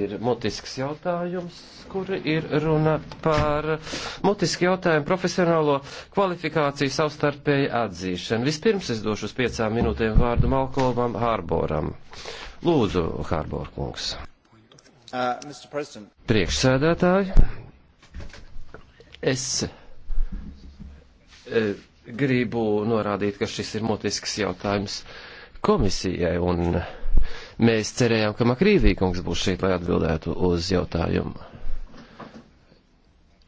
ir mutisks jautājums, kur ir runa par mutisku jautājumu profesionālo kvalifikāciju savstarpēju atzīšanu. Vispirms es došu uz piecām minūtēm vārdu Malkolmam Hārboram. Lūdzu, Hārbor kungs. Uh, Priekšsēdētāji, es e, gribu norādīt, ka šis ir mutisks jautājums komisijai un. E, Mēs cerējām, ka Makrīvī kungs būs šeit, lai atbildētu uz jautājumu.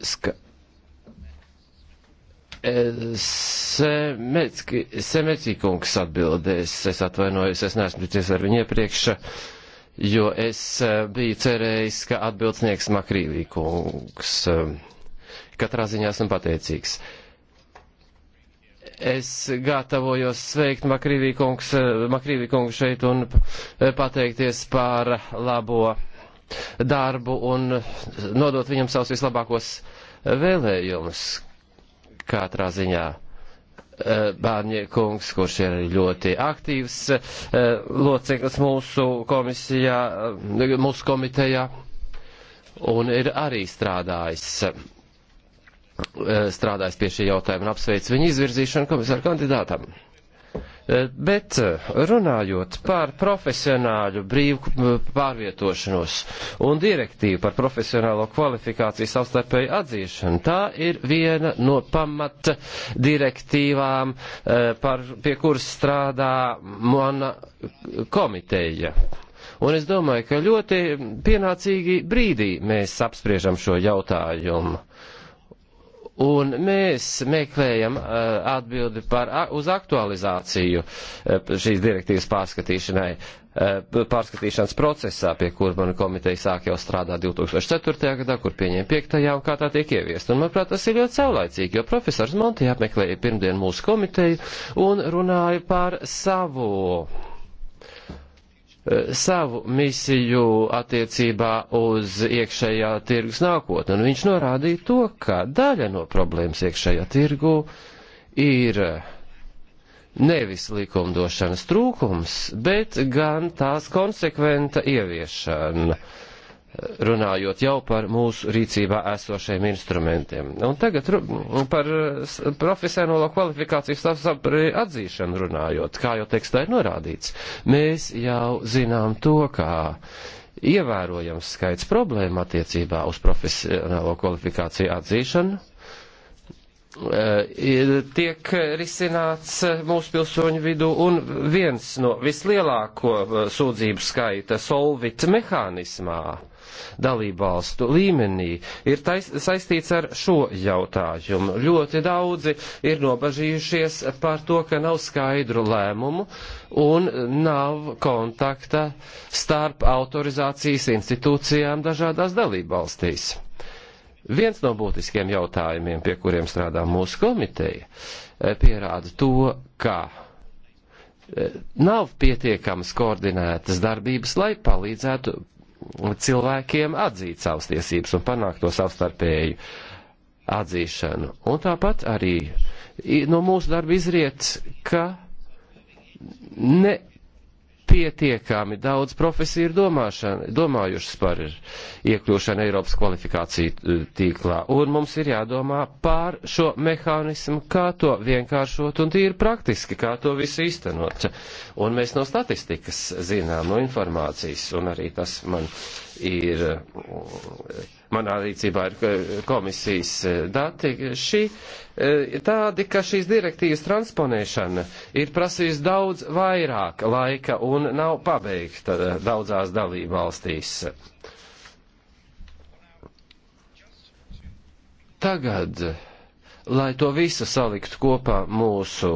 Ska... Semetki, Semetki kungs atbildēs, es atvainojos, es neesmu ticies ar viņu iepriekš, jo es eh, biju cerējis, ka atbildsnieks Makrīvī kungs. Eh, katrā ziņā esmu pateicīgs. Uh, es gatavojos sveikt Makrīvī kungs, eh, Makrīvī kungu šeit un eh, pateikties par labo darbu un eh, nodot viņam savus vislabākos vēlējumus katrā ziņā. Bārņiekungs, kurš ir ļoti aktīvs loceklis mūsu komisijā, mūsu komitejā un ir arī strādājis Eh, strādājis pie šī jautājuma un apsveic viņa izvirzīšanu komisāru kandidātam. Eh, bet eh, runājot par profesionāļu brīvu pārvietošanos un direktīvu par profesionālo kvalifikāciju savstarpēju atzīšanu, tā ir viena no pamat direktīvām, par, pie kuras strādā mana komiteja. Un es domāju, ka ļoti pienācīgi brīdī mēs apspriežam šo jautājumu Un mēs meklējam uh, atbildi par, uh, uz aktualizāciju uh, šīs direktīvas pārskatīšanai, uh, pārskatīšanas procesā, pie kur mana komiteja sāk jau strādāt 2004. gadā, kur pieņēma 5. un kā tā tiek ieviest. Un, manuprāt, tas ir ļoti caulaicīgi, jo profesors Monti apmeklēja pirmdien mūsu komiteju un runāja par savu savu misiju attiecībā uz iekšējā tirgus nākotni, un viņš norādīja to, ka daļa no problēmas iekšējā tirgu ir nevis likumdošanas trūkums, bet gan tās konsekventa ieviešana. Uh, runājot jau par mūsu rīcībā esošajiem instrumentiem. Un tagad par profesionālo kvalifikāciju savstarpēju atzīšanu runājot, kā jau tekstā ir norādīts. Mēs jau zinām to, kā ievērojams skaits problēma attiecībā uz profesionālo kvalifikāciju atzīšanu eh, tiek risināts mūsu pilsoņu vidū, un viens no vislielāko eh, sūdzību skaita solvit mehānismā dalībvalstu līmenī, ir tais, saistīts ar šo jautājumu. Ļoti daudzi ir nobažījušies par to, ka nav skaidru lēmumu un nav kontakta starp autorizācijas institūcijām dažādās dalībvalstīs. Viens no būtiskiem jautājumiem, pie kuriem strādā mūsu komiteja, eh, pierāda to, ka eh, nav pietiekamas koordinētas darbības, lai palīdzētu cilvēkiem atzīt savas tiesības un panākt to savstarpēju atzīšanu. Un tāpat arī no mūsu darba izriet, ka ne pietiekami daudz profesiju ir domājušas par iekļūšanu Eiropas kvalifikāciju eh, tīklā, un mums ir jādomā pār šo mehānismu, kā to vienkāršot un tīri praktiski, kā to visu īstenot. Un mēs no statistikas zinām, no informācijas, un arī tas man ir manā rīcībā ir eh, komisijas eh, dati, šī eh, tādi, ka šīs direktīvas transponēšana ir prasījusi daudz vairāk laika un nav pabeigta daudzās dalību valstīs. Tagad lai to visu saliktu kopā mūsu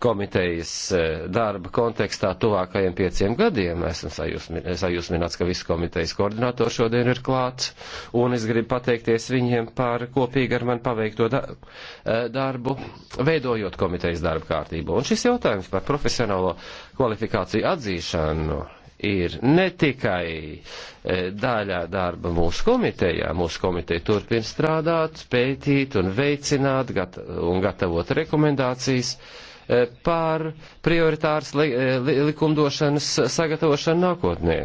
komitejas e, darba kontekstā tuvākajiem pieciem gadiem. Esmu sajūsmināts, ka visu komitejas koordinātori šodien ir klāts, un es gribu pateikties viņiem par kopīgi ar man paveikto e, darbu, veidojot komitejas darba kārtību. Un šis jautājums par profesionālo kvalifikāciju atzīšanu ir ne tikai e, daļā darba mūsu komitejā, mūsu komiteja turpina strādāt, pētīt un veicināt gata un gatavot rekomendācijas e, par prioritāras e, li likumdošanas sagatavošanu nākotnē.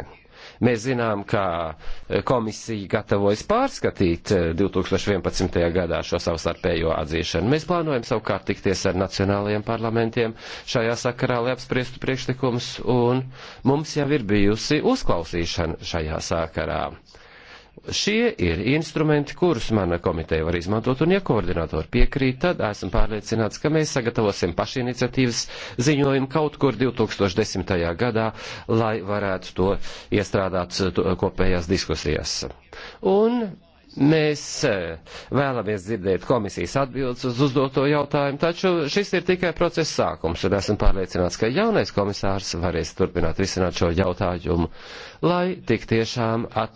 Mēs zinām, ka eh, komisija gatavojas pārskatīt 2011. Eh, gadā šo savstarpējo atzīšanu. Mēs plānojam savukārt tikties ar nacionālajiem parlamentiem šajā sakarā, lai apspriestu priekšlikumus, un mums jau ir bijusi uzklausīšana šajā sakarā. Šie ir instrumenti, kurus mana komiteja var izmantot, un ja koordinātori piekrīt, tad esmu pārliecināts, ka mēs sagatavosim pašiniciatīvas ziņojumu kaut kur 2010. gadā, lai varētu to iestrādāt to, kopējās diskusijās. Un Mēs eh, vēlamies dzirdēt komisijas atbildes uz uzdoto jautājumu, taču šis ir tikai procesa sākums, un esmu pārliecināts, ka jaunais komisārs varēs turpināt risināt šo jautājumu, lai tik tiešām at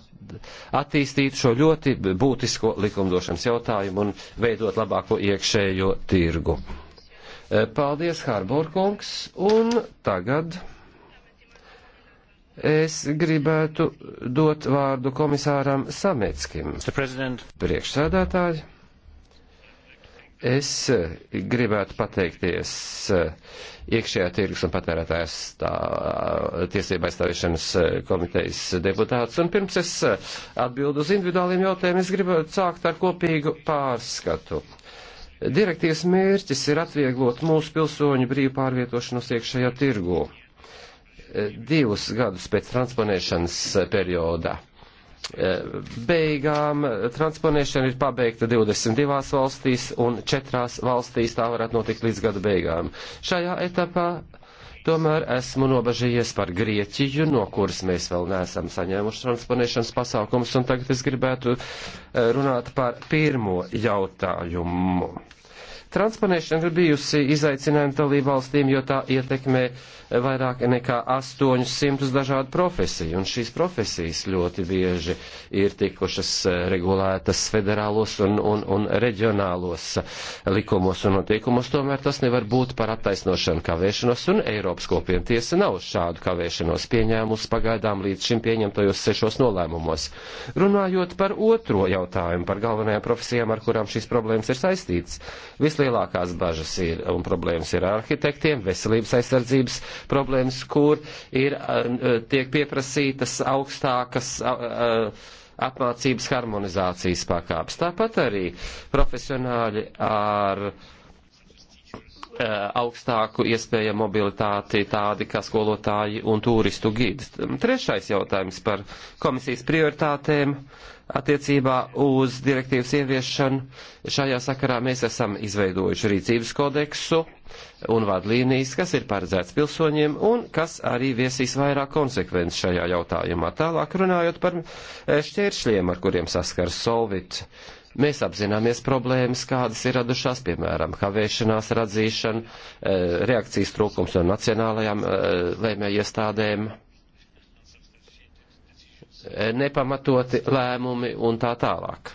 attīstītu šo ļoti būtisko likumdošanas jautājumu un veidot labāko iekšējo tirgu. E, paldies, Hārborkungs, un tagad es gribētu dot vārdu komisāram Sameckim. Priekšsēdētāji. Es gribētu pateikties eh, iekšējā tirgus un patērētājas tā, tiesība aizstāvēšanas eh, komitejas deputāts. Un pirms es eh, atbildu uz individuāliem jautājumiem, es gribu sākt ar kopīgu pārskatu. Direktīvas mērķis ir atvieglot mūsu pilsoņu brīvu pārvietošanos iekšējā tirgu divus gadus pēc transponēšanas perioda Eh, beigām transponēšana ir pabeigta 22 valstīs un 4 valstīs tā varētu notikt līdz gada beigām. Šajā etapā tomēr esmu nobažījies par Grieķiju, no kuras mēs vēl neesam saņēmuši transponēšanas pasākumus, un tagad es gribētu eh, runāt par pirmo jautājumu. Transponēšana ir bijusi izaicinājuma dalību valstīm, jo tā ietekmē eh, vairāk nekā 800 dažādu profesiju, un šīs profesijas ļoti bieži ir tikušas eh, regulētas federālos un, un, un reģionālos eh, likumos un notiekumos, tomēr tas nevar būt par attaisnošanu kavēšanos, un Eiropas kopiena tiesa nav šādu kavēšanos pieņēmusi pagaidām līdz šim pieņemtajos sešos nolēmumos. Runājot par otro jautājumu, par galvenajām profesijām, ar kurām šīs problēmas ir saistītas, Vis lielākās bažas ir un problēmas ir ar arhitektiem, veselības aizsardzības problēmas, kur ir, tiek pieprasītas augstākas apmācības harmonizācijas pakāpes. Tāpat arī profesionāļi ar augstāku iespējamu mobilitāti tādi kā skolotāji un turistu gidi. Trešais jautājums par komisijas prioritātēm Attiecībā uz direktīvas ieviešanu šajā sakarā mēs esam izveidojuši rīcības kodeksu un vadlīnijas, kas ir paredzēts pilsoņiem un kas arī viesīs vairāk konsekvences šajā jautājumā. Tālāk runājot par eh, šķēršļiem, ar kuriem saskars Solvit. Mēs apzināmies problēmas, kādas ir radušās, piemēram, kavēšanās radzīšana, eh, reakcijas trūkums no nacionālajām eh, lēmējiestādēm. iestādēm nepamatoti lēmumi un tā tālāk.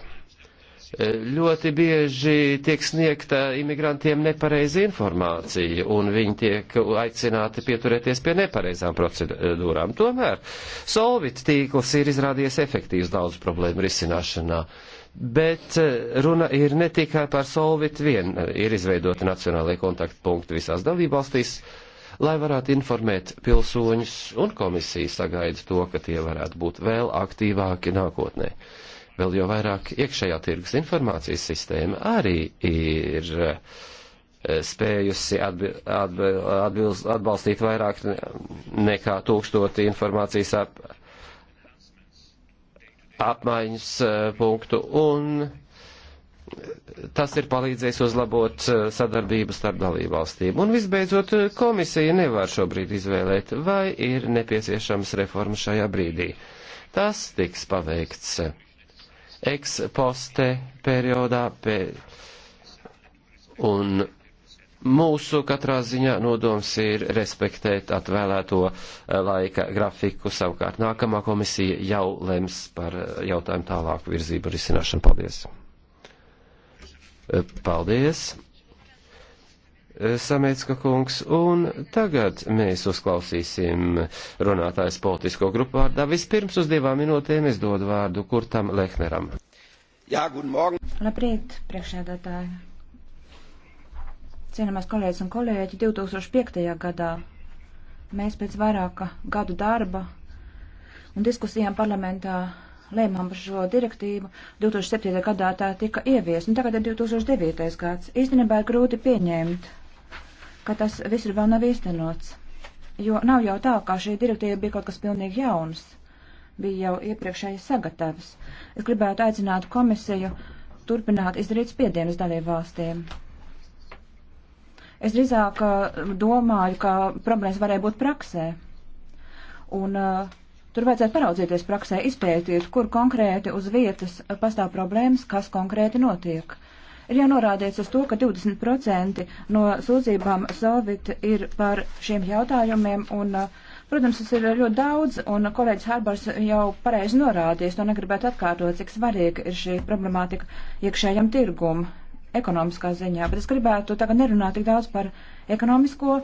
Ļoti bieži tiek sniegta imigrantiem nepareiza informācija, un viņi tiek aicināti pieturēties pie nepareizām procedūrām. Tomēr solvit tīkls ir izrādījies efektīvs daudz problēmu risināšanā. Bet eh, runa ir ne tikai par solvit vien, ir izveidoti nacionālajie kontaktpunkti visās dalībvalstīs, uh, lai varētu informēt pilsoņus, un komisija sagaida to, ka tie varētu būt vēl aktīvāki nākotnē. Vēl jau vairāk iekšējā tirgus informācijas sistēma arī ir eh, spējusi atbi, atbi, atbilst, atbalstīt vairāk nekā tūkstoti informācijas ap, apmaiņas eh, punktu un tas ir palīdzējis uzlabot eh, sadarbību starp dalībvalstīm. Un visbeidzot, eh, komisija nevar šobrīd izvēlēt, vai ir nepieciešams reforma šajā brīdī. Tas tiks paveikts eh, ex poste periodā pē... un mūsu katrā ziņā nodoms ir respektēt atvēlēto laika grafiku. Savukārt nākamā komisija jau lems par jautājumu tālāku virzību risināšanu. Paldies! Eh, paldies, eh, Samecka kungs, un tagad mēs uzklausīsim runātājs politisko grupu vārdā. Vispirms uz divām minūtēm es dodu vārdu Kurtam Lehneram. Jā, gudmorgen. Labrīt, priekšēdētāji. Cienamās kolēģis un kolēģi, 2005. gadā mēs pēc vairāka gadu darba un diskusijām parlamentā lēmām par šo direktīvu. 2007. gadā tā tika ievies, un tagad ir 2009. gads. Īstenībā ir grūti pieņemt, ka tas viss ir vēl nav īstenots, jo nav jau tā, kā šī direktīva bija kaut kas pilnīgi jauns, bija jau iepriekšēji sagatavs. Es gribētu aicināt komisiju turpināt izdarīt spiedienus dalību valstīm. Es drīzāk uh, domāju, ka problēmas varēja būt praksē. Un uh, Tur vajadzētu paraudzīties praksē, izpētīt, kur konkrēti uz vietas pastāv problēmas, kas konkrēti notiek. Ir jau norādīts uz to, ka 20% no sūdzībām Solvit ir par šiem jautājumiem, un, eh, protams, tas ir ļoti daudz, un kolēģis Harbors jau pareizi norādījis, to negribētu atkārtot, cik svarīga ir šī problemātika iekšējam tirgum ekonomiskā ziņā, bet es gribētu tagad nerunāt tik daudz par ekonomisko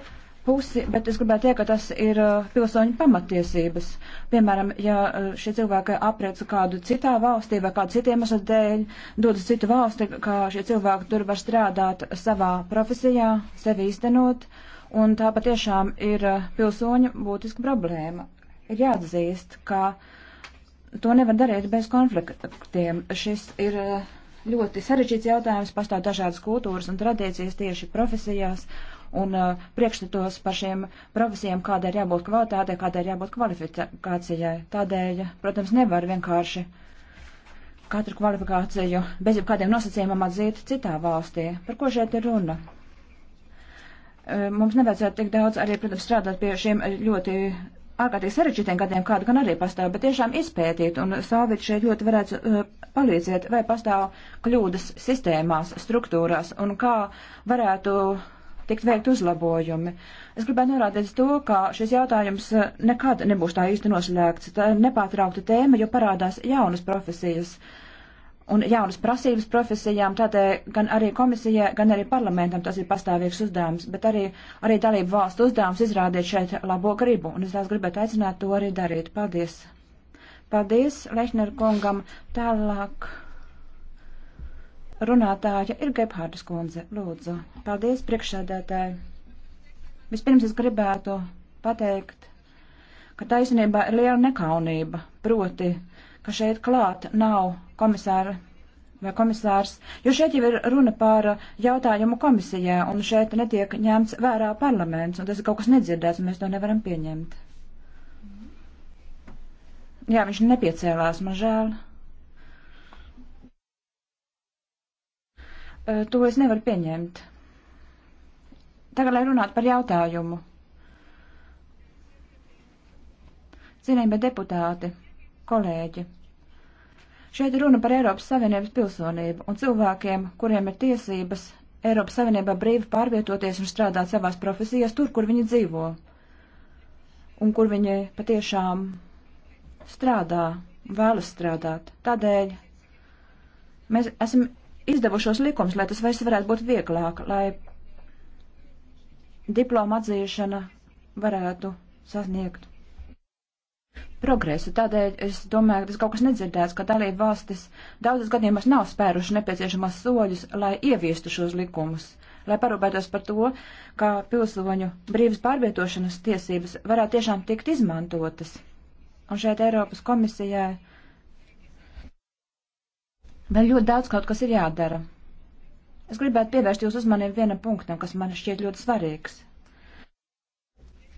pusi, bet es gribētu teikt, ka tas ir uh, pilsoņu pamatiesības. Piemēram, ja uh, šie cilvēki apriecu kādu citā valstī vai kādu citiem esat dēļ, dodas citu valsti, ka šie cilvēki tur var strādāt savā profesijā, sevi īstenot, un tā patiešām ir uh, pilsoņu būtiska problēma. Ir jāatzīst, ka to nevar darīt bez konfliktiem. Šis ir ļoti sarežģīts jautājums, pastāv dažādas kultūras un tradīcijas tieši profesijās. Uh, un uh, priekšstatos par šiem profesijām, kādai ir jābūt kvalitātei, kādai ir jābūt kvalifikācijai. Tādēļ, protams, nevar vienkārši katru kvalifikāciju bez jebkādiem nosacījumiem atzīt citā valstī. Par ko šeit ir runa? Uh, mums nevajadzētu tik daudz arī, protams, strādāt pie šiem ļoti ārkārtīgi sarežģītiem gadiem, kāda gan arī pastāv, bet tiešām izpētīt, un Sāvits šeit ļoti varētu uh, palīdzēt, vai pastāv kļūdas sistēmās, struktūrās, un kā varētu tikt veikt uzlabojumi. Es gribētu norādīt to, ka šis jautājums eh, nekad nebūs tā īsti noslēgts. Tā ir nepārtraukta tēma, jo parādās jaunas profesijas un jaunas prasības profesijām, tādēļ gan arī komisijai, gan arī parlamentam tas ir pastāvīgs uzdevums, bet arī, arī dalību valstu uzdevums izrādīt šeit labo gribu, un es tās gribētu aicināt to arī darīt. Paldies! Paldies Lehner kungam! Tālāk runātāja ir Gebhārdas kundze. Lūdzu, paldies priekšsēdētāji. Vispirms es gribētu pateikt, ka taisnībā ir liela nekaunība, proti, ka šeit klāt nav komisāra vai komisārs, jo šeit jau ir runa par jautājumu komisijā, un šeit netiek ņemts vērā parlaments, un tas ir kaut kas nedzirdēts, un mēs to nevaram pieņemt. Jā, viņš nepiecēlās, man žēl. Eh, to es nevaru pieņemt. Tagad, lai runātu par jautājumu. Cienījamie deputāti, kolēģi, šeit runa par Eiropas Savienības pilsonību un cilvēkiem, kuriem ir tiesības Eiropas Savienībā brīvi pārvietoties un strādāt savās profesijās tur, kur viņi dzīvo un kur viņi patiešām strādā, vēlas strādāt. Tādēļ mēs esam izdevušos likums, lai tas viss varētu būt vieglāk, lai diploma atzīšana varētu sasniegt progresu. Tādēļ es domāju, ka tas kaut kas nedzirdēts, ka dalība valstis daudzas gadījumos nav spēruši nepieciešamās soļus, lai ieviestu šos likumus, lai parūpētos par to, ka pilsoņu brīvas pārvietošanas tiesības varētu tiešām tikt izmantotas. Un šeit Eiropas komisijai Vēl ļoti daudz kaut kas ir jādara. Es gribētu pievērst jūs uzmanību vienam punktam, kas man šķiet ļoti svarīgs.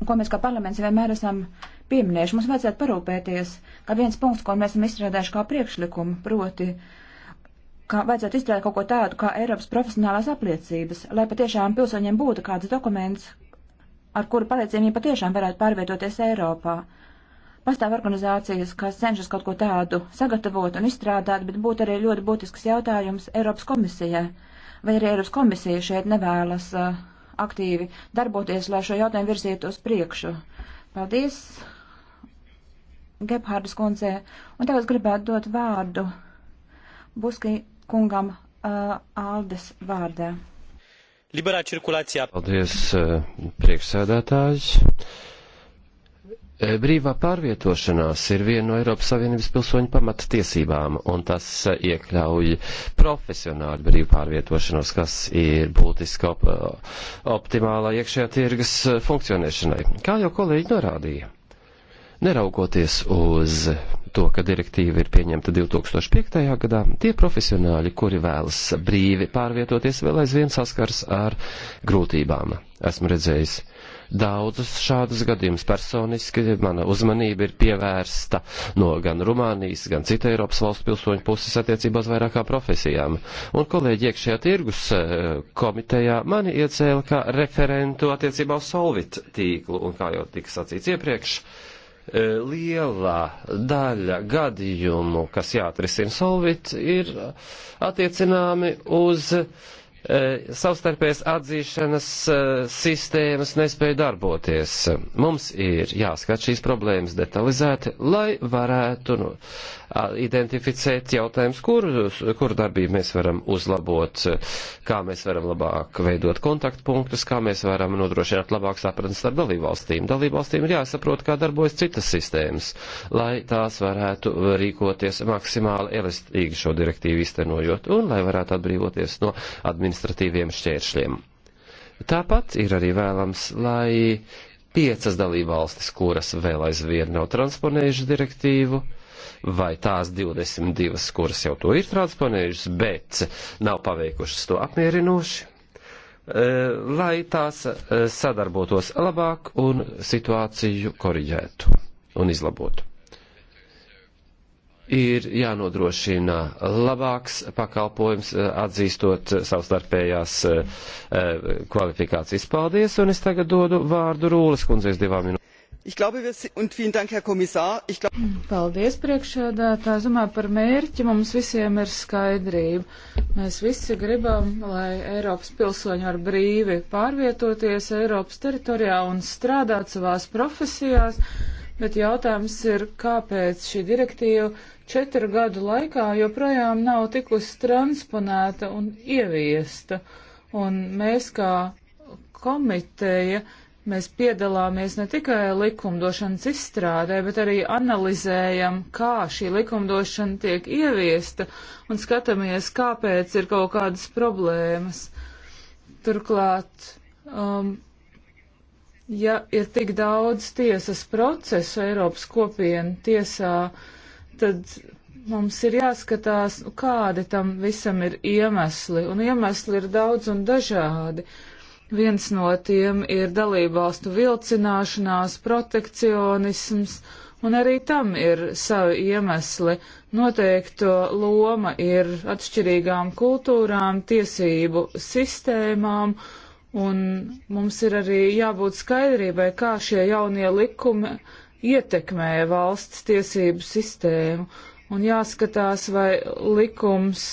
Un ko mēs kā parlaments vienmēr esam pieminējuši. Mums vajadzētu parūpēties, ka viens punkts, ko mēs esam izstrādājuši kā priekšlikumu, proti, ka vajadzētu izstrādāt kaut ko tādu kā Eiropas profesionālās apliecības, lai patiešām pilsoņiem būtu kāds dokuments, ar kuru palīdzību viņi patiešām varētu pārvietoties Eiropā. Pastāv organizācijas, kas cenšas kaut ko tādu sagatavot un izstrādāt, bet būtu arī ļoti būtisks jautājums Eiropas komisijai. Vai arī Eiropas komisija šeit nevēlas uh, aktīvi darboties, lai šo jautājumu virzītu uz priekšu? Paldies, Gebhārdas kundze. Un tagad gribētu dot vārdu Buski kungam uh, Aldes vārdā. Liberā cirkulācijā. Paldies, uh, priekšsēdētājs. E, brīvā pārvietošanās ir viena no Eiropas Savienības pilsoņu pamata tiesībām, un tas e, iekļauj profesionāli brīvu pārvietošanos, kas ir būtiska op e, optimālā iekšējā tirgas funkcionēšanai. Kā jau kolēģi norādīja, neraugoties uz to, ka direktīva ir pieņemta 2005. gadā, tie profesionāļi, kuri vēlas brīvi pārvietoties, vēl aizvien saskars ar grūtībām. Esmu redzējis daudzus šādus gadījumus. Personiski mana uzmanība ir pievērsta no gan Rumānijas, gan citu Eiropas valstu pilsoņu puses attiecībā uz vairākām profesijām. Un kolēģi iekšējā tirgus eh, komitejā mani iecēla kā referentu attiecībā uz solvit tīklu, un kā jau tika sacīts iepriekš, eh, liela daļa gadījumu, kas jāatrisina solvit, ir attiecināmi uz uh, Eh, savstarpējas atzīšanas eh, sistēmas nespēja darboties. Mums ir jāskat šīs problēmas detalizēti, lai varētu nu, identificēt jautājums, kur, kur darbību mēs varam uzlabot, kā mēs varam labāk veidot kontaktpunktus, kā mēs varam nodrošināt labāk sapratni starp dalībvalstīm. Dalībvalstīm ir jāsaprot, kā darbojas citas sistēmas, lai tās varētu rīkoties maksimāli elastīgi šo direktīvu iztenojot un lai varētu atbrīvoties no administrācijas administratīviem šķēršļiem. Tāpat ir arī vēlams, lai piecas dalībvalstis, kuras vēl aizvien nav transponējušas direktīvu, vai tās 22, kuras jau to ir transponējušas, bet nav paveikušas to apmierinoši, eh, lai tās eh, sadarbotos labāk un situāciju koriģētu un izlabotu ir jānodrošina labāks pakalpojums, eh, atzīstot eh, savstarpējās eh, kvalifikācijas. Paldies, un es tagad dodu vārdu Rūles kundzēs divām minūtēm. Paldies, priekšsēdētā. Es domāju, par mērķi mums visiem ir skaidrība. Mēs visi gribam, lai Eiropas pilsoņi var brīvi pārvietoties Eiropas teritorijā un strādāt savās profesijās, bet jautājums ir, kāpēc šī direktīva četru gadu laikā joprojām nav tikusi transponēta un ieviesta. Un mēs kā komiteja, mēs piedalāmies ne tikai likumdošanas izstrādē, bet arī analizējam, kā šī likumdošana tiek ieviesta un skatāmies, kāpēc ir kaut kādas problēmas. Turklāt. Um, ja ir tik daudz tiesas procesu Eiropas kopienu tiesā, tad mums ir jāskatās, kādi tam visam ir iemesli, un iemesli ir daudz un dažādi. Viens no tiem ir dalībvalstu vilcināšanās, protekcionisms, un arī tam ir savi iemesli. Noteikto loma ir atšķirīgām kultūrām, tiesību sistēmām, un mums ir arī jābūt skaidrībai, kā šie jaunie likumi ietekmē valsts tiesību sistēmu un jāskatās, vai likums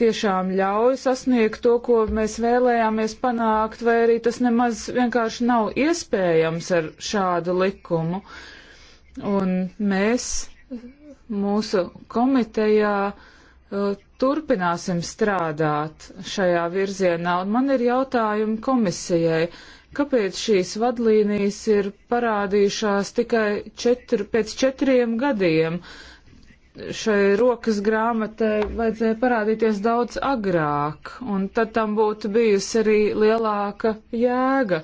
tiešām ļauj sasniegt to, ko mēs vēlējāmies panākt, vai arī tas nemaz vienkārši nav iespējams ar šādu likumu. Un mēs mūsu komitejā uh, turpināsim strādāt šajā virzienā, un man ir jautājumi komisijai. Uh, kāpēc šīs vadlīnijas ir parādījušās tikai četr, pēc četriem gadiem. Šai rokas grāmatai vajadzēja parādīties daudz agrāk, un tad tam būtu bijusi arī lielāka jēga.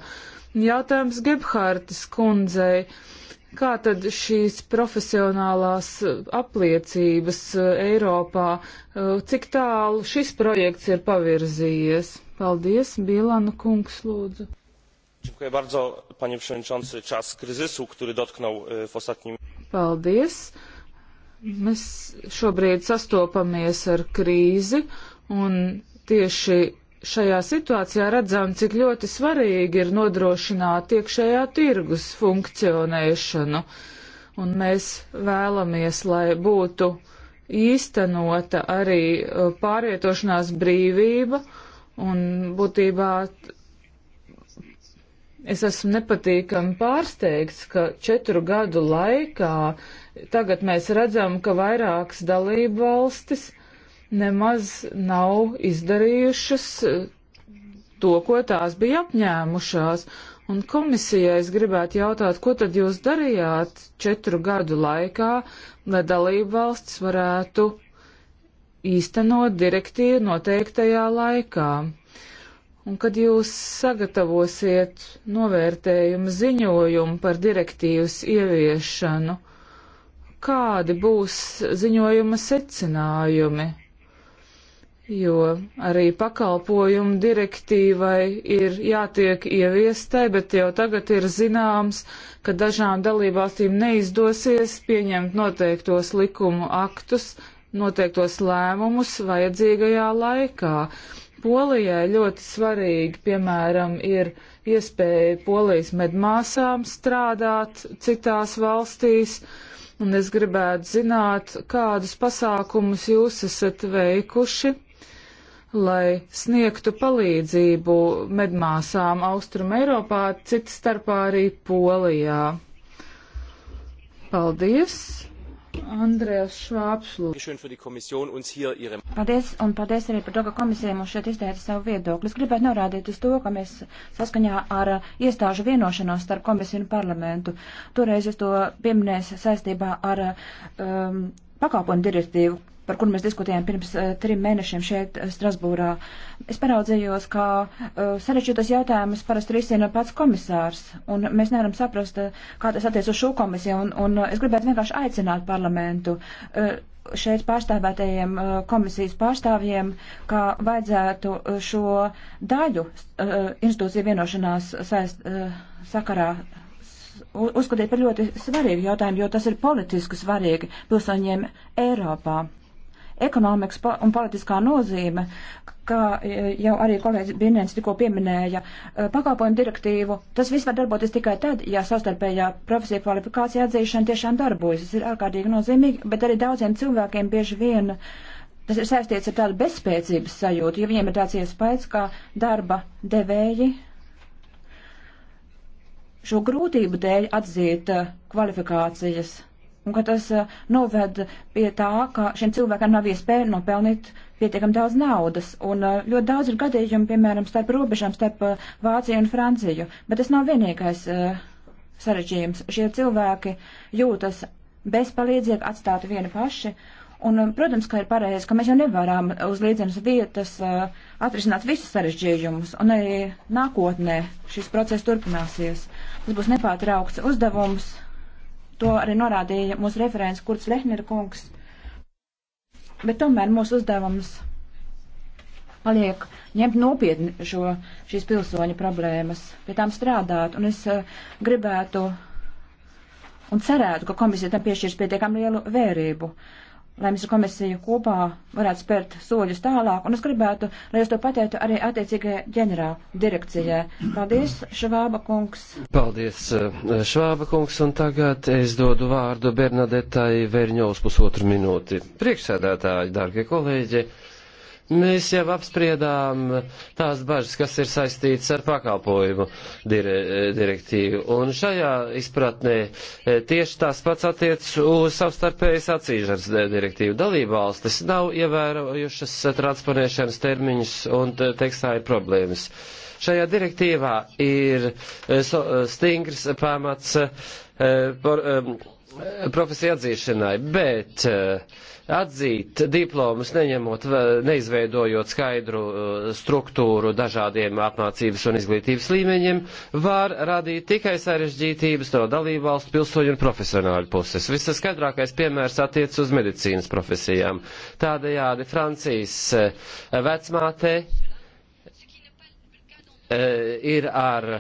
Jautājums Gebhārtas kundzei. Kā tad šīs profesionālās apliecības uh, Eiropā, uh, cik tālu šis projekts ir pavirzījies? Paldies, Bielana kungs, lūdzu. Bardzo, panie przewodniczący, czas kryzysu, który dotknął w ostatnim. Paldies! Mēs šobrīd sastopamies ar krīzi, un tieši šajā situācijā redzam, cik ļoti svarīgi ir nodrošināt iekšējā tirgus funkcionēšanu, un mēs vēlamies, lai būtu īstenota arī uh, pārvietošanās brīvība, un būtībā Es esmu nepatīkami pārsteigts, ka četru gadu laikā tagad mēs redzam, ka vairākas dalību valstis nemaz nav izdarījušas eh, to, ko tās bija apņēmušās. Un komisijai es gribētu jautāt, ko tad jūs darījāt četru gadu laikā, lai dalību valstis varētu īstenot direktīvu noteiktajā laikā? Un kad jūs sagatavosiet novērtējumu ziņojumu par direktīvas ieviešanu, kādi būs ziņojuma secinājumi? Jo arī pakalpojumu direktīvai ir jātiek ieviestai, bet jau tagad ir zināms, ka dažām dalībvalstīm neizdosies pieņemt noteiktos likumu aktus, noteiktos lēmumus vajadzīgajā laikā Polijai ļoti svarīgi, piemēram, ir iespēja polijas medmāsām strādāt citās valstīs, un es gribētu zināt, kādus pasākumus jūs esat veikuši, lai sniegtu palīdzību medmāsām Austrum Eiropā, cits starpā arī Polijā. Paldies! Andrēs Švāps. Paldies, un paldies arī par to, ka komisija mums šeit izteica savu viedokli. Es gribētu norādīt uz to, ka mēs saskaņā ar uh, iestāžu vienošanos starp komisiju un parlamentu. Toreiz es to pieminēju saistībā ar uh, um, pakāpojumu direktīvu, par kur mēs diskutējām pirms uh, trim mēnešiem šeit eh, Strasbūrā. Es paraudzījos, ka uh, eh, sarežģītas jautājumas parasti risina pats komisārs, un mēs nevaram saprast, uh, kā tas attiec uz šo komisiju, un, un uh, es gribētu vienkārši aicināt parlamentu. Uh, šeit pārstāvētajiem komisijas pārstāvjiem, ka vajadzētu šo daļu institūciju vienošanās saist, sakarā uzskatīt par ļoti svarīgu jautājumu, jo tas ir politiski svarīgi pilsoņiem Eiropā ekonomikas un politiskā nozīme, kā e, jau arī kolēģis Bienēns tikko pieminēja, e, pakalpojumu direktīvu. Tas viss var darboties tikai tad, ja savstarpējā profesija kvalifikācija atzīšana tiešām darbojas. Tas ir ārkārtīgi nozīmīgi, bet arī daudziem cilvēkiem bieži vien tas ir saistīts ar tādu bezspēcības sajūtu, jo viņiem ir tāds iespējas, ka darba devēji šo grūtību dēļ atzīt e, kvalifikācijas un ka tas eh, noved pie tā, ka šiem cilvēkiem nav iespēja nopelnīt pietiekam daudz naudas. Un eh, ļoti daudz ir gadījumi, piemēram, starp robežām, starp eh, Vāciju un Franciju. Bet tas nav vienīgais uh, sarežģījums. Šie cilvēki jūtas bezpalīdzīgi atstāti vieni paši. Un, protams, ka ir pareizi, ka mēs jau nevaram uz līdzenas vietas uh, atrisināt visus sarežģījumus, un arī nākotnē šis process turpināsies. Tas būs nepārtraukts uzdevums To arī norādīja mūsu referents Kurts Lehnera kungs. Bet tomēr mūsu uzdevums paliek ņemt nopietni šo, šīs pilsoņa problēmas, pie tām strādāt. Un es eh, gribētu un cerētu, ka komisija tam piešķirs pietiekam lielu vērību. Uh, lai mēs ar komisiju kopā varētu spērt soļus tālāk, un es gribētu, lai jūs to pateiktu arī attiecīgajai ģenerāla direkcijai. Paldies, Švāba kungs. Paldies, eh, Švāba kungs, un tagad es dodu vārdu Bernadetai Verņovs pusotru minūti. Priekšsēdētāji, dārgie kolēģi. Mēs jau apspriedām tās bažas, kas ir saistītas ar pakalpojumu dire direktīvu, un šajā izpratnē e, tieši tās pats attiecas uz savstarpējas atcīšanas direktīvu. Dalībvalstis nav ievērojušas transponēšanas termiņus, un tekstā ir problēmas. Šajā direktīvā ir e, e, stingrs pamats par. Eh, profesiju atzīšanai, bet eh, atzīt diplomas neņemot, neizveidojot skaidru eh, struktūru dažādiem apmācības un izglītības līmeņiem, var radīt tikai sarežģītības no dalībvalstu pilsoņu un profesionāļu puses. Visaskaidrākais piemērs attiec uz medicīnas profesijām. Tādējādi Francijas vecmātei E, ir ar e,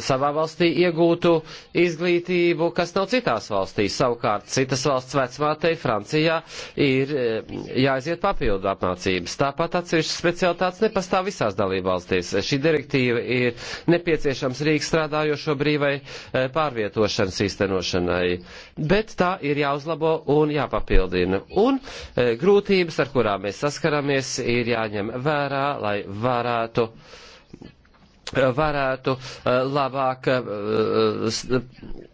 savā valstī iegūtu izglītību, kas nav citās valstīs. Savukārt citas valsts vecmātei Francijā ir e, jāaiziet papildu apmācības. Tāpat atsevišķas specialitātes nepastāv visās dalībvalstīs. Šī direktīva ir nepieciešams Rīgas strādājošo brīvai pārvietošanas īstenošanai, bet tā ir jāuzlabo un jāpapildina. Un grūtības, ar kurām mēs saskaramies, ir jāņem vērā, lai varētu. Uh, varētu eh, labāk eh, eh,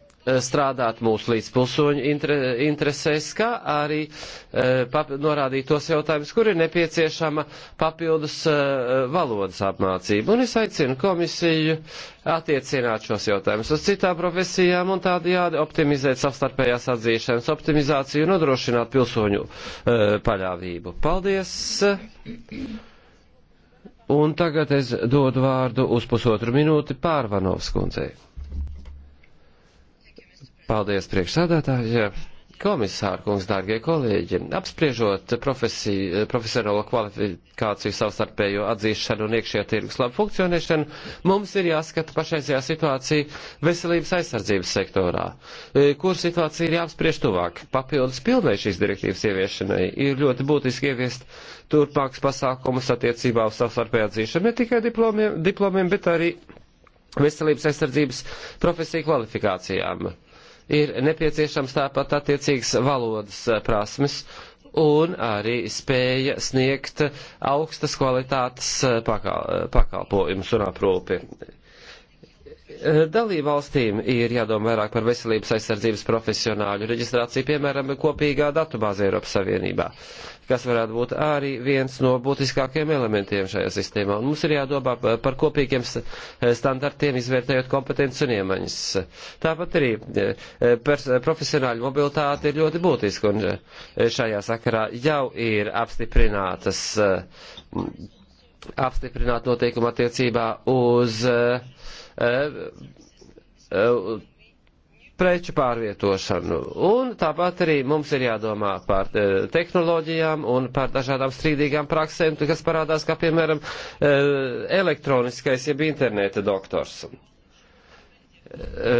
strādāt mūsu līdzpilsoņu inter, interesēs, kā arī e, pap, norādīt tos jautājumus, kur ir nepieciešama papildus e, valodas apmācība. Un es aicinu komisiju attiecināt šos jautājumus uz citām profesijām un tādajādi optimizēt savstarpējās atzīšanas optimizāciju un nodrošināt pilsoņu e, paļāvību. Paldies! Un tagad es dodu vārdu uz pusotru minūti pārvanovs kundzei. Paldies priekšsādātāji. Komisārkungs, dārgie kolēģi, apspriežot profesionālo kvalifikāciju savstarpējo atzīšanu un iekšējā tirgus labu funkcionēšanu, mums ir jāskata pašreizajā situācija veselības aizsardzības sektorā, e, kur situācija ir jāapspriež tuvāk. Papildus pilnēji šīs direktīvas ieviešanai ir ļoti būtiski ieviest turpmākas pasākumus attiecībā uz savstarpēju atzīšanu ne tikai diplomiem, diplomiem bet arī veselības aizsardzības profesiju kvalifikācijām ir nepieciešams tāpat attiecīgas valodas eh, prasmes un arī spēja sniegt augstas kvalitātes eh, pakal pakalpojumus un aprūpi. Eh, dalībvalstīm ir jādomā vairāk par veselības aizsardzības profesionāļu reģistrāciju, piemēram, kopīgā datubāze Eiropas Savienībā, kas varētu būt arī viens no būtiskākajiem elementiem šajā sistēmā. Un mums ir jādomā par kopīgiem eh, standartiem, izvērtējot kompetences un iemaņas. Tāpat arī eh, profesionāļu mobilitāte ir ļoti būtiska, un šajā sakarā jau ir apstiprinātas apstiprināt noteikumu attiecībā uz uh, preču pārvietošanu. Un tāpat arī mums ir jādomā par e, tehnoloģijām un par dažādām strīdīgām praksēm, kas parādās, kā piemēram e, elektroniskais, jeb interneta doktors. E,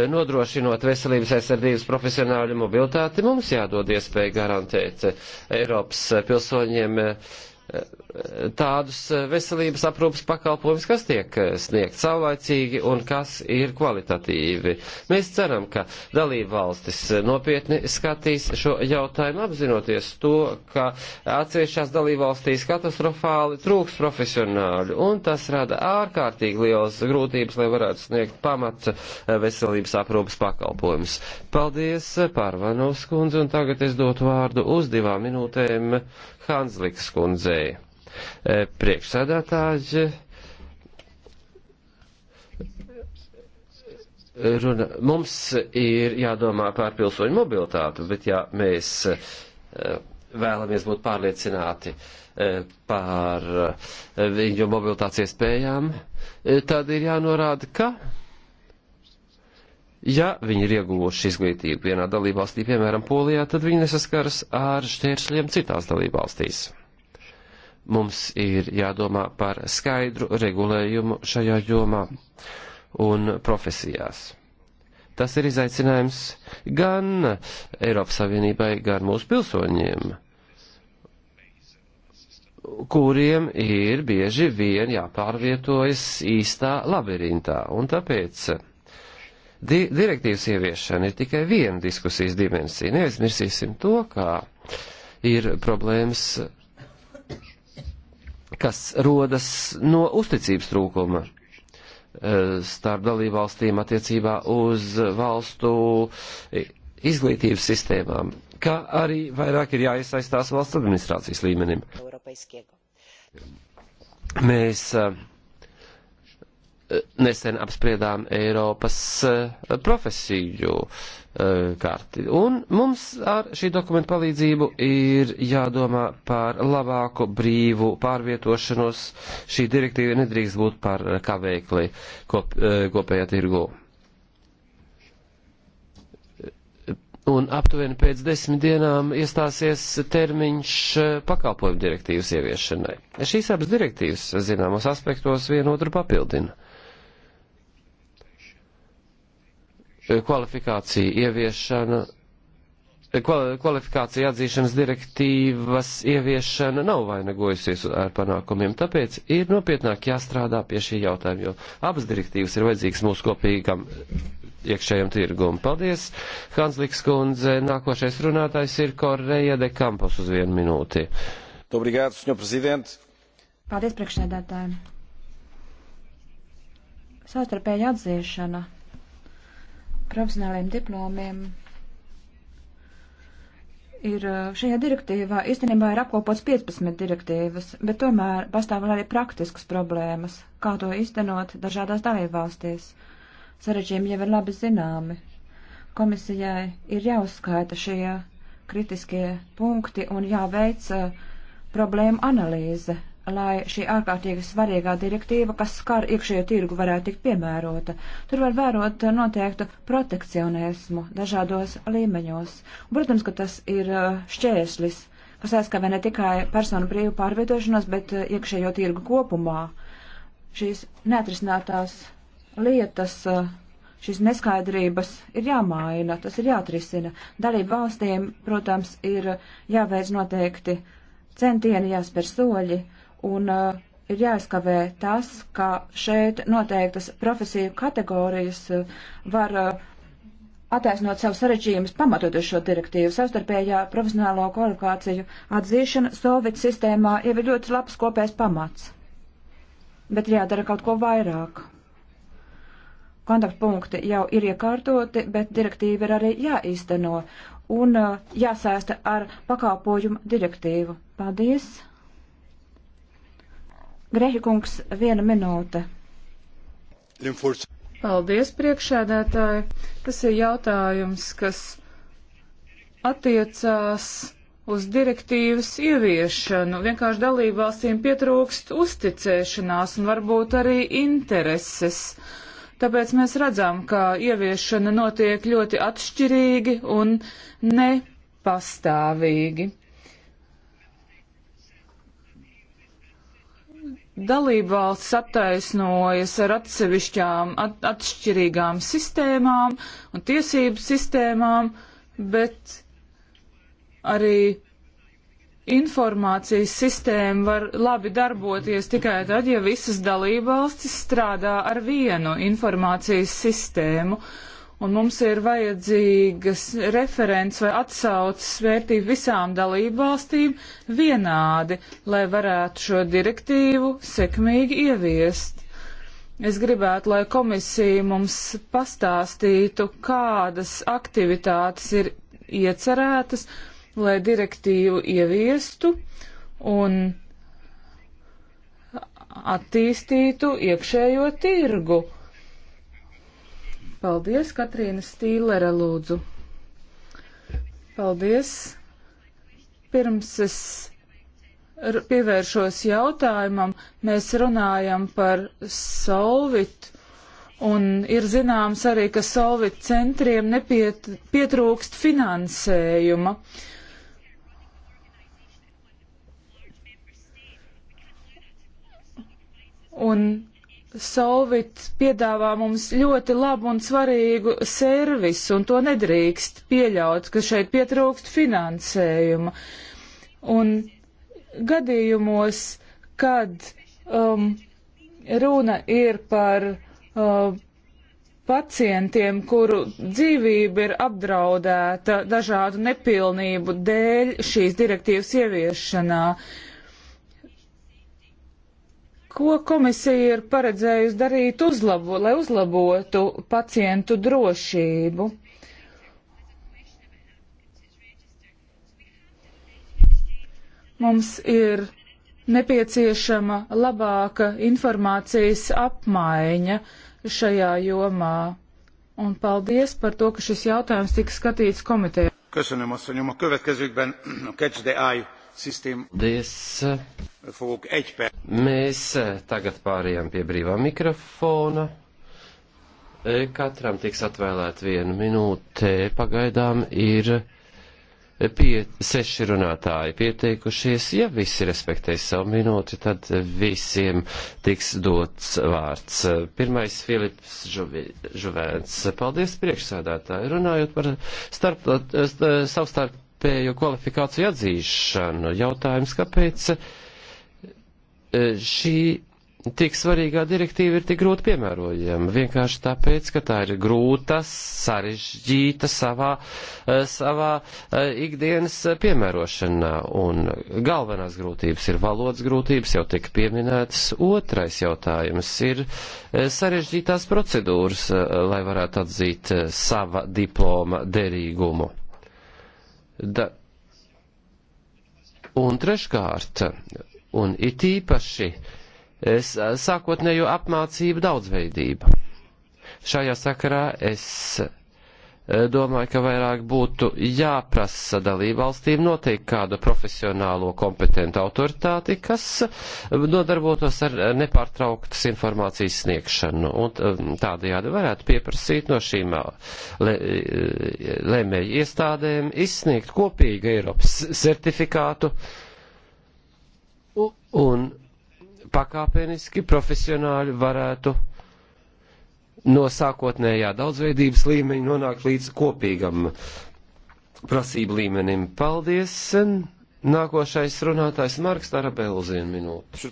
nodrošinot veselības aizsardzības profesionāļu mobilitāti, mums jādod iespēja garantēt Eiropas pilsoņiem e, tādus eh, veselības aprūpas pakalpojumus, kas tiek eh, sniegt saulaicīgi un kas ir kvalitatīvi. Mēs ceram, ka dalība valstis eh, nopietni skatīs šo jautājumu, apzinoties to, ka atsevišķās dalība valstīs katastrofāli trūks profesionāļu, un tas rada ārkārtīgi liels grūtības, lai varētu sniegt pamat veselības aprūpas pakalpojumus. Paldies, Pārvanovs kundze, un tagad es dotu vārdu uz divām minūtēm Hansliks kundzei. E, Priekšsēdētāji runa, mums ir jādomā par pilsoņu mobilitāti, bet ja mēs e, vēlamies būt pārliecināti e, par viņu mobilitātes iespējām, tad ir jānorāda, ka Ja viņi ir ieguvuši izglītību vienā dalībvalstī, piemēram, Polijā, tad viņi nesaskaras ar šķēršļiem citās dalībvalstīs. Mums ir jādomā par skaidru regulējumu šajā jomā un profesijās. Tas ir izaicinājums gan Eiropas Savienībai, gan mūsu pilsoņiem, kuriem ir bieži vien jāpārvietojas īstā labirintā, un tāpēc Di direktīvas ieviešana ir tikai viena diskusijas dimensija. Neaizmirsīsim to, kā ir problēmas, kas rodas no uzticības trūkuma eh, starp dalībvalstīm attiecībā uz valstu izglītības sistēmām, kā arī vairāk ir jāiesaistās valsts administrācijas līmenim. Mēs uh, nesen apspriedām Eiropas eh, profesiju eh, karti. Un mums ar šī dokumenta palīdzību ir jādomā par labāku brīvu pārvietošanos. Šī direktīva nedrīkst būt par kavēkli kop, eh, kopējā tirgū. Un aptuveni pēc desmit dienām iestāsies termiņš pakalpojumu direktīvas ieviešanai. Šīs abas direktīvas zināmos aspektos vienotru papildina. kvalifikāciju ieviešana, kvalifikācija atzīšanas direktīvas ieviešana nav vainagojusies ar panākumiem, tāpēc ir nopietnāk jāstrādā pie šī jautājuma, jo abas direktīvas ir vajadzīgas mūsu kopīgam iekšējam tirgumam. Paldies, Hanslīks kundze. Nākošais runātājs ir Koreja de Campos uz vienu minūti. Obrigado, senhor presidente. Paldies, priekšsēdētāji. Savstarpēja atzīšana profesionāliem diplomiem ir eh, šajā direktīvā, īstenībā ir apkopots 15 direktīvas, bet tomēr pastāv arī praktiskas problēmas, kā to iztenot dažādās dalībvalstīs. Sarežģījumi jau ir labi zināmi. Komisijai ir jāuzskaita šie kritiskie punkti un jāveic eh, problēmu analīze, lai šī ārkārtīgi svarīgā direktīva, kas skar iekšējo tirgu, varētu tikt piemērota. Tur var vērot noteiktu protekcionismu dažādos līmeņos. Protams, ka tas ir uh, šķērslis, kas aizskavē ne tikai personu brīvu pārvietošanos, bet uh, iekšējo tirgu kopumā. Šīs neatrisinātās lietas, uh, šīs neskaidrības ir jāmaina, tas ir jāatrisina. Dalību valstīm, protams, ir jāveic noteikti centieni, jāspēr soļi. Uh, un uh, ir jāizkavē tas, ka šeit noteiktas profesiju kategorijas uh, var uh, attaisnot savu sarežģījumus pamatot uz šo direktīvu. Savstarpējā profesionālo kvalifikāciju atzīšana Solvit sistēmā jau ir ļoti labs kopējs pamats, bet jādara kaut ko vairāk. Kontaktpunkti jau ir iekārtoti, bet direktīva ir arī jāīsteno un uh, jāsēsta ar pakalpojumu direktīvu. Paldies! Grehikungs, viena minūte. Paldies, priekšēdētāji. Tas ir jautājums, kas attiecās uz direktīvas ieviešanu. Vienkārši dalībvalstīm pietrūkst uzticēšanās un varbūt arī intereses. Tāpēc mēs redzam, ka ieviešana notiek ļoti atšķirīgi un nepastāvīgi. dalībvalstis attaisnojas ar atsevišķām, at, atšķirīgām sistēmām un tiesību sistēmām, bet arī informācijas sistēma var labi darboties tikai tad, ja visas dalībvalstis strādā ar vienu informācijas sistēmu. Uh, un mums ir vajadzīgas referents vai atsaucas vērtība visām dalībvalstīm vienādi, lai varētu šo direktīvu sekmīgi ieviest. Es gribētu, lai komisija mums pastāstītu, kādas aktivitātes ir iecerētas, lai direktīvu ieviestu un attīstītu iekšējo tirgu Paldies, Katrīna Stīlere, lūdzu. Paldies. Pirms es pievēršos jautājumam, mēs runājam par solvitu. Un ir zināms arī, ka solvit centriem nepietrūkst finansējuma. Un Solvit piedāvā mums ļoti labu un svarīgu servisu, un to nedrīkst pieļaut, ka šeit pietrūkst finansējuma. Un gadījumos, kad um, runa ir par uh, pacientiem, kuru dzīvība ir apdraudēta dažādu nepilnību dēļ šīs direktīvas ieviešanā, uh, Ko komisija ir paredzējusi darīt, uzlabo, lai uzlabotu pacientu drošību? Mums ir nepieciešama labāka informācijas apmaiņa šajā jomā. Un paldies par to, ka šis jautājums tika skatīts komitejā. Köszönöm, asszonyom. A következőkben a Catch the Eye system. Paldies. Mēs eh, tagad pārējām pie brīvā mikrofona. Eh, katram tiks atvēlēt vienu minūte. Pagaidām ir eh, pie, seši runātāji pieteikušies. Ja visi respektēs savu minūti, tad visiem tiks dots vārds. Pirmais Filips Žuvēns. Paldies priekšsēdētāji. Runājot par starp, savstarp savstarpējo kvalifikāciju atzīšanu. Jautājums, kāpēc e, šī tik svarīgā direktīva ir tik grūti piemērojama. Vienkārši tāpēc, ka tā ir grūta, sarežģīta savā, e, savā e, ikdienas piemērošanā. Un galvenās grūtības ir valodas grūtības, jau tika pieminētas. Otrais jautājums ir sarežģītās procedūras, lai varētu atzīt sava diploma derīgumu. Da, un treškārt, un it īpaši es, sākotnējo apmācību daudzveidība. Šajā sakarā es Eh, domāju, ka vairāk būtu jāprasa dalībvalstīm noteikti kāda profesionālo kompetentu autoritāti, kas eh, nodarbotos ar eh, nepārtrauktas informācijas sniegšanu. Un tādajādi varētu pieprasīt no šīm lēmēju iestādēm izsniegt kopīgu Eiropas certifikātu un pakāpeniski profesionāļi varētu no sākotnējā daudzveidības līmeņa nonākt līdz kopīgam prasību līmenim. Paldies! Nākošais runātājs Marks Tarabēl uz vienu minūti.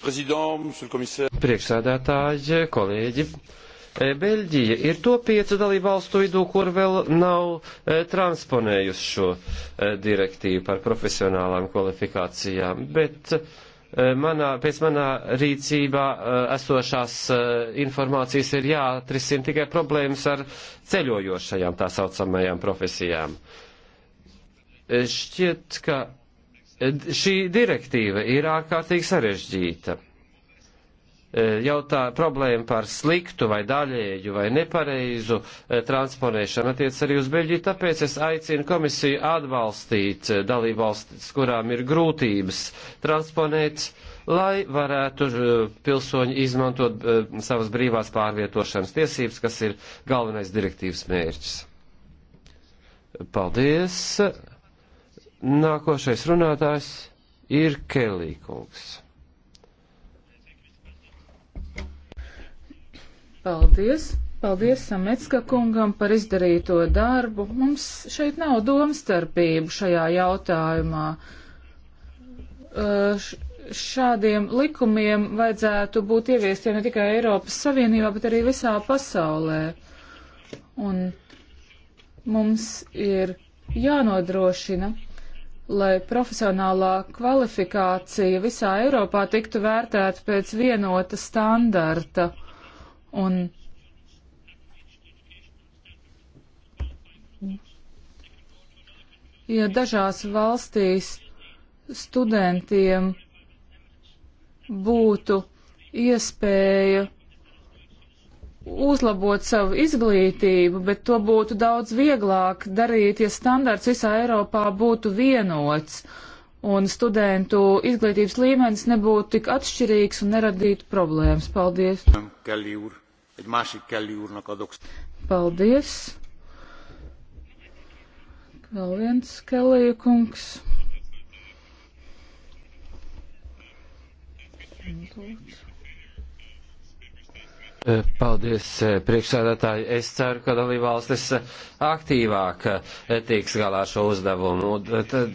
Priekšsēdētāji, kolēģi. E, Beļģija ir to piecu dalību valstu vidū, kur vēl nav e, transponējusi šo e, direktīvu par profesionālām kvalifikācijām, bet e, Eh, manā, pēc manā rīcībā eh, esošās eh, informācijas ir jāatrisina tikai problēmas ar ceļojošajām tā saucamajām profesijām. Šķiet, ka šī direktīva ir ārkārtīgi sarežģīta. E, jautā problēma par sliktu vai daļēju vai nepareizu e, transponēšanu attiec arī uz Beļģiju, tāpēc es aicinu komisiju atbalstīt e, dalībvalstis, kurām ir grūtības transponēt, lai varētu pilsoņi izmantot savas brīvās pārvietošanas tiesības, kas ir galvenais direktīvas mērķis. Paldies! Nākošais runātājs ir Kelī kungs. Paldies! Paldies Sametska kungam par izdarīto darbu. Mums šeit nav domstarpību šajā jautājumā. Uh, šādiem likumiem vajadzētu būt ieviestiem ne tikai Eiropas Savienībā, bet arī visā pasaulē. Un mums ir jānodrošina, lai profesionālā kvalifikācija visā Eiropā tiktu vērtēta pēc vienota standarta Un ja dažās valstīs studentiem būtu iespēja uzlabot savu izglītību, bet to būtu daudz vieglāk darīt, ja standarts visā Eiropā būtu vienots un studentu izglītības līmenis nebūtu tik atšķirīgs un neradītu problēmas. Paldies! Paldies! Vēl viens Kelija kungs. Lūdzu. Eh, paldies, eh, priekšsēdētāji. Es ceru, ka dalībvalstis eh, aktīvāk tiks galā šo uzdevumu.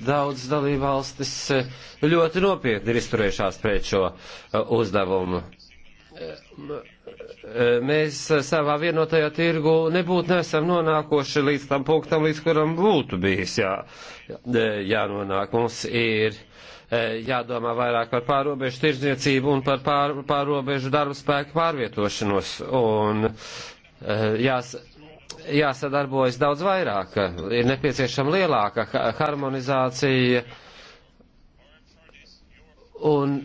Daudz dalībvalstis ļoti nopietni ir izturējušās pret šo uzdevumu. Mēs savā vienotajā tirgu nebūtu nesam nonākoši līdz tam punktam, līdz kuram būtu bijis jā, jānonāk. Mums ir Eh, jādomā vairāk par pārobežu tirdzniecību un par pār, pārobežu darba spēku pārvietošanos. Un eh, jās, jāsadarbojas daudz vairāk. Ir nepieciešama lielāka harmonizācija. Un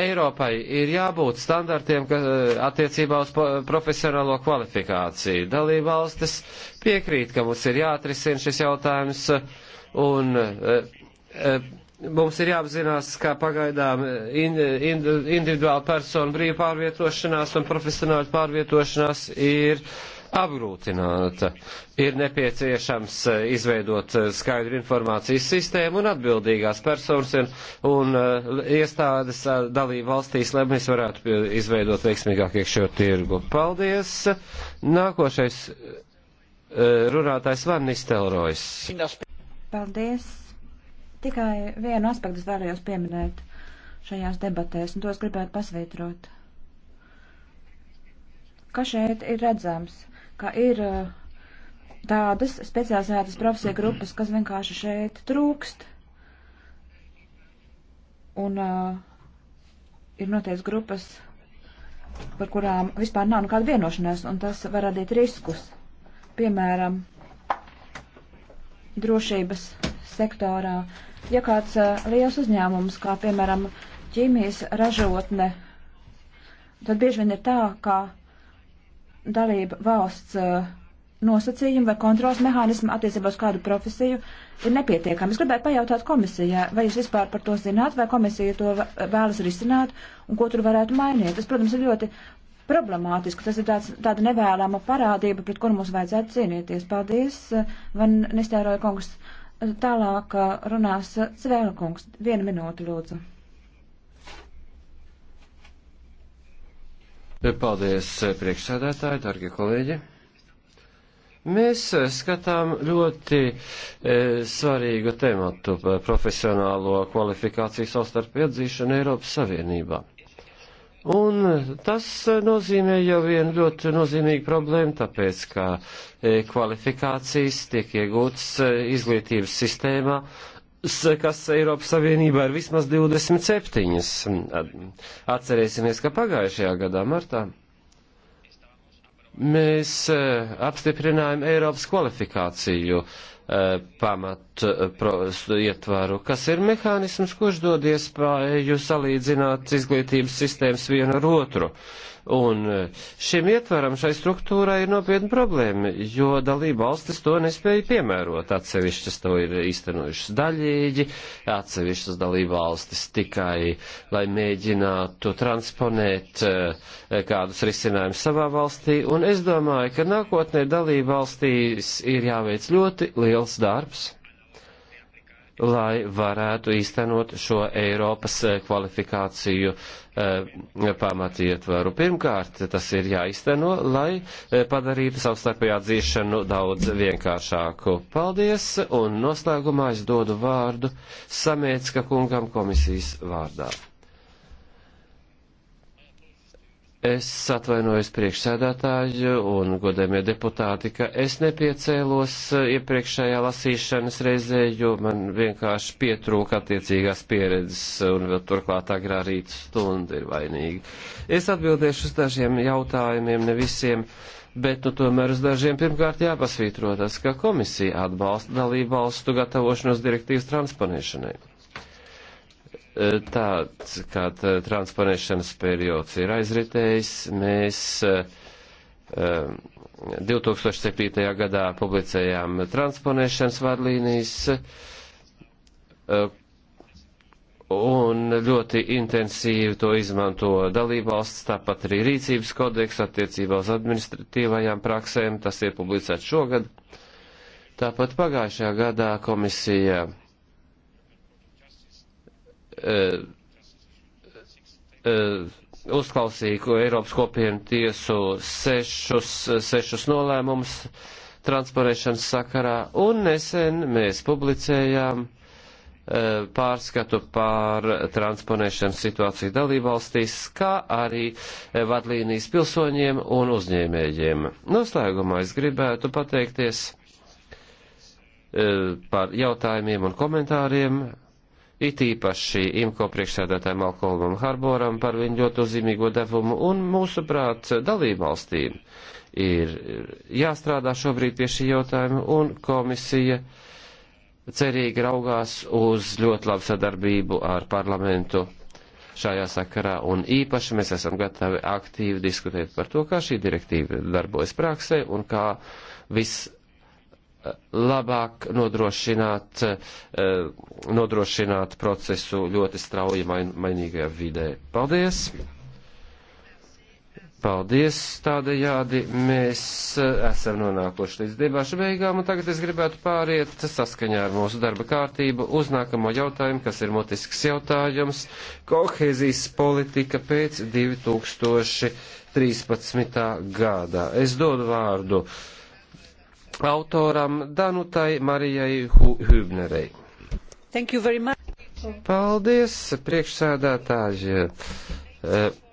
Eiropai ir jābūt standartiem ka, eh, attiecībā uz profesionālo kvalifikāciju. Dalība valstis piekrīt, ka mums ir jāatrisina šis jautājums un e, e, Mums ir jāapzinās, ka pagaidām eh, in, in, individuāla persona brīva pārvietošanās un profesionāla pārvietošanās ir apgrūtināta. Ir nepieciešams eh, izveidot eh, skaidru informācijas sistēmu un atbildīgās personas un, un iestādes dalību valstīs, lai mēs varētu izveidot veiksmīgāk iekšējo tirgu. Paldies! Nākošais runātājs Vannis Telrojs. Paldies! Tikai vienu aspektu es vēlējos pieminēt šajās debatēs, un tos gribētu pasvītrot. Ka šeit ir redzams, ka ir uh, tādas specializētas profesija grupas, kas vienkārši šeit trūkst. Un uh, ir noteikti grupas, par kurām vispār nav nekāda nu vienošanās, un tas var radīt riskus. Piemēram, drošības sektorā Ja kāds liels uzņēmums, kā piemēram ķīmijas ražotne, tad bieži vien ir tā, ka dalība valsts nosacījumi vai kontrols mehānismi attiecībā uz kādu profesiju ir nepietiekami. Es gribētu pajautāt komisijai, vai jūs vispār par to zināt, vai komisija to vēlas risināt un ko tur varētu mainīt. Tas, protams, ir ļoti problemātiski. Tas ir tāds, tāda nevēlama parādība, pret kuru mums vajadzētu cīnīties. Paldies, Van Nistēroja kungs. Tālāk uh, runās Svēlkungs. Vienu minūti, lūdzu. Paldies, priekšsēdētāji, dargie kolēģi. Mēs uh, skatām ļoti e, svarīgu tematu - profesionālo kvalifikāciju savstarpēji atzīšanu Eiropas Savienībā. Un tas nozīmē jau vienu ļoti nozīmīgu problēmu, tāpēc, ka e, kvalifikācijas tiek iegūtas e, izglītības sistēmā, kas Eiropas Savienībā ir vismaz 27. Atcerēsimies, ka pagājušajā gadā martā mēs e, apstiprinājām Eiropas kvalifikāciju uh, E, pamat e, ietvaru, kas ir mehānisms, kurš dod iespēju salīdzināt izglītības sistēmas vienu ar otru. Uh, Un e, šim ietvaram šai struktūrai ir nopietna problēma, jo dalība valstis to nespēja piemērot. Atsevišķas to ir īstenojušas daļīgi, atsevišķas dalība valstis tikai, lai mēģinātu transponēt e, kādus risinājumus savā valstī. Un es domāju, ka nākotnē dalība valstīs ir jāveic ļoti liels darbs lai varētu īstenot šo Eiropas eh, kvalifikāciju eh, pamatietvaru. Pirmkārt, tas ir jāizteno, lai eh, padarītu savstarpējā dzīšanu daudz vienkāršāku. Paldies, un noslēgumā es dodu vārdu Samēcka kungam komisijas vārdā. Es atvainojos priekšsēdētāju un godējumie deputāti, ka es nepiecēlos eh, iepriekšējā lasīšanas reizē, jo man vienkārši pietrūka attiecīgās pieredzes eh, un vēl turklāt agrā rīta stunda ir vainīga. Es atbildēšu uz dažiem jautājumiem, ne visiem, bet nu tomēr uz dažiem pirmkārt jāpasvītro tas, ka komisija atbalsta dalību valstu gatavošanos direktīvas transponēšanai tāds, kā eh, transponēšanas periods ir aizritējis, mēs 2007. Eh, gadā publicējām transponēšanas vadlīnijas eh, un ļoti intensīvi to izmanto dalībvalsts, tāpat arī rīcības kodeks attiecībā uz administratīvajām praksēm, tas ir publicēts šogad. Tāpat pagājušajā gadā komisija uh, eh, uh, eh, uzklausīju Eiropas kopienu tiesu sešus, sešus nolēmumus transparēšanas sakarā, un nesen mēs publicējām eh, pārskatu pār transponēšanas situāciju dalībvalstīs, kā arī vadlīnijas pilsoņiem un uzņēmējiem. Noslēgumā es gribētu pateikties par jautājumiem un komentāriem, it īpaši IMCO priekšsēdētājiem Alkolam Harboram par viņu ļoti uzzīmīgo devumu un mūsuprāt dalībvalstīm ir jāstrādā šobrīd pie šī jautājuma un komisija cerīgi raugās uz ļoti labu sadarbību ar parlamentu šajā sakarā un īpaši mēs esam gatavi aktīvi diskutēt par to, kā šī direktīva darbojas praksē un kā viss labāk nodrošināt, eh, nodrošināt procesu ļoti strauji main, mainīgajā vidē. Paldies! Paldies! Tādējādi mēs eh, esam nonākuši līdz debašu beigām, un tagad es gribētu pāriet saskaņā ar mūsu darba kārtību uz nākamo jautājumu, kas ir motisks jautājums - kohēzijas politika pēc 2013. gadā. Es dodu vārdu uh, autoram Danutai Marijai Hübnerei. Paldies, priekšsēdētāji. Uh,